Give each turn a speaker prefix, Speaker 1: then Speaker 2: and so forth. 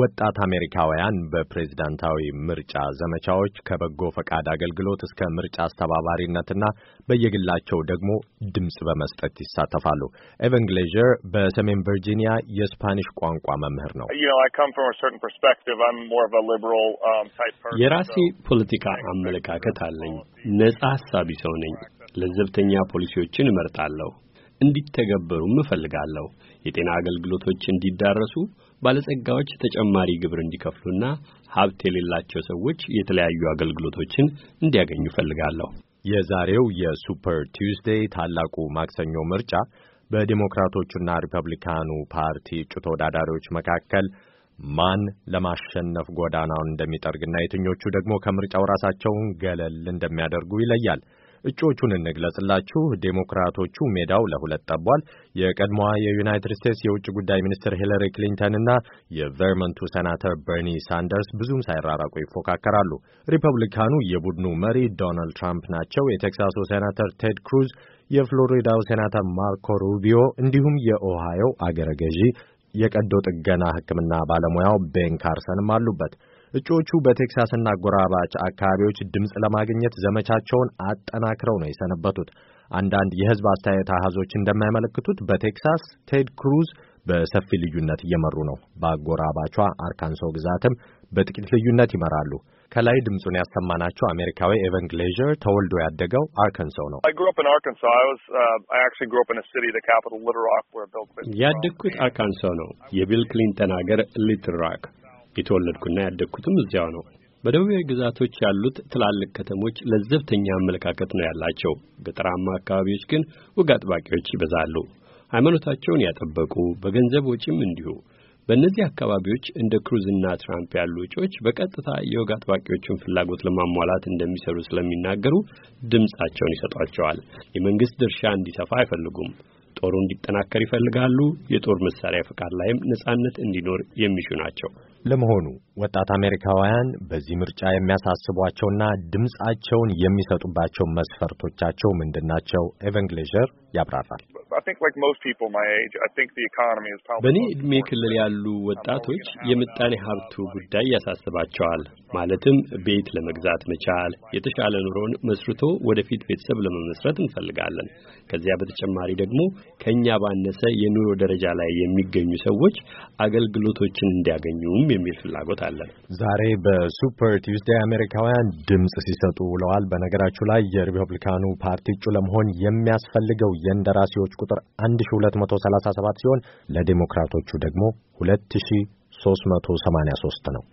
Speaker 1: ወጣት አሜሪካውያን በፕሬዝዳንታዊ ምርጫ ዘመቻዎች ከበጎ ፈቃድ አገልግሎት እስከ ምርጫ አስተባባሪነትና በየግላቸው ደግሞ ድምፅ በመስጠት ይሳተፋሉ። ኤቨን ግሌዥር በሰሜን ቨርጂኒያ የስፓኒሽ ቋንቋ መምህር ነው።
Speaker 2: um, የራሴ
Speaker 1: ፖለቲካ አመለካከት
Speaker 2: አለኝ። ነጻ ሀሳቢ ሰው ነኝ። ለዘብተኛ ፖሊሲዎችን እመርጣለሁ። እንዲተገበሩም እፈልጋለሁ። የጤና አገልግሎቶች እንዲዳረሱ ባለጸጋዎች ተጨማሪ ግብር እንዲከፍሉና ሀብት የሌላቸው ሰዎች የተለያዩ አገልግሎቶችን
Speaker 1: እንዲያገኙ እፈልጋለሁ። የዛሬው የሱፐር ቲውስዴይ ታላቁ ማክሰኞ ምርጫ በዲሞክራቶቹና ሪፐብሊካኑ ፓርቲ እጩ ተወዳዳሪዎች መካከል ማን ለማሸነፍ ጎዳናውን እንደሚጠርግና የትኞቹ ደግሞ ከምርጫው ራሳቸውን ገለል እንደሚያደርጉ ይለያል። እጩዎቹን እንግለጽላችሁ። ዴሞክራቶቹ ሜዳው ለሁለት ጠቧል። የቀድሞዋ የዩናይትድ ስቴትስ የውጭ ጉዳይ ሚኒስትር ሂለሪ ክሊንተን እና የቨርመንቱ ሴናተር በርኒ ሳንደርስ ብዙም ሳይራራቁ ይፎካከራሉ። ሪፐብሊካኑ የቡድኑ መሪ ዶናልድ ትራምፕ ናቸው። የቴክሳሱ ሴናተር ቴድ ክሩዝ፣ የፍሎሪዳው ሴናተር ማርኮ ሩቢዮ እንዲሁም የኦሃዮ አገረ ገዢ የቀዶ ጥገና ሕክምና ባለሙያው ቤን ካርሰንም አሉበት። እጩዎቹ በቴክሳስና አጎራባች አካባቢዎች ድምፅ ለማግኘት ዘመቻቸውን አጠናክረው ነው የሰነበቱት። አንዳንድ የህዝብ አስተያየት አሃዞች እንደሚያመለክቱት በቴክሳስ ቴድ ክሩዝ በሰፊ ልዩነት እየመሩ ነው። በአጎራባቿ አርካንሶ ግዛትም በጥቂት ልዩነት ይመራሉ። ከላይ ድምፁን ያሰማናቸው አሜሪካዊ ኤቨን ግሌዥር ተወልዶ ያደገው አርከንሶ ነው።
Speaker 2: uh, ያደግኩት አርካንሶ ነው፣ የቢል ክሊንተን ሀገር ሊትል ሮክ የተወለድኩና ያደግኩትም እዚያው ነው። በደቡባዊ ግዛቶች ያሉት ትላልቅ ከተሞች ለዘብተኛ አመለካከት ነው ያላቸው። ገጠራማ አካባቢዎች ግን ወግ አጥባቂዎች ይበዛሉ። ሃይማኖታቸውን ያጠበቁ፣ በገንዘብ ወጪም እንዲሁ። በእነዚህ አካባቢዎች እንደ ክሩዝና ትራምፕ ያሉ እጩዎች በቀጥታ የወግ አጥባቂዎቹን ፍላጎት ለማሟላት እንደሚሰሩ ስለሚናገሩ ድምጻቸውን ይሰጧቸዋል። የመንግስት ድርሻ እንዲሰፋ አይፈልጉም።
Speaker 1: ጦሩ እንዲጠናከር ይፈልጋሉ። የጦር መሳሪያ ፈቃድ ላይም ነጻነት እንዲኖር የሚሹ ናቸው። ለመሆኑ ወጣት አሜሪካውያን በዚህ ምርጫ የሚያሳስቧቸውና ድምፃቸውን የሚሰጡባቸው መስፈርቶቻቸው ምንድናቸው? ኤቨንግሌዥር ያብራራል። በእኔ ዕድሜ ክልል ያሉ ወጣቶች የምጣኔ
Speaker 2: ሀብቱ ጉዳይ ያሳስባቸዋል። ማለትም ቤት ለመግዛት መቻል፣ የተሻለ ኑሮን መስርቶ ወደፊት ቤተሰብ ለመመስረት እንፈልጋለን። ከዚያ በተጨማሪ ደግሞ ከእኛ ባነሰ የኑሮ ደረጃ ላይ የሚገኙ ሰዎች አገልግሎቶችን እንዲያገኙም የሚል ፍላጎት አለን።
Speaker 1: ዛሬ በሱፐር ቲውስዴይ አሜሪካውያን ድምጽ ሲሰጡ ውለዋል። በነገራችሁ ላይ የሪፐብሊካኑ ፓርቲ እጩ ለመሆን የሚያስፈልገው የእንደራሴዎች ቁጥር ቁጥር 1237 ሲሆን ለዲሞክራቶቹ ደግሞ 2383 ነው።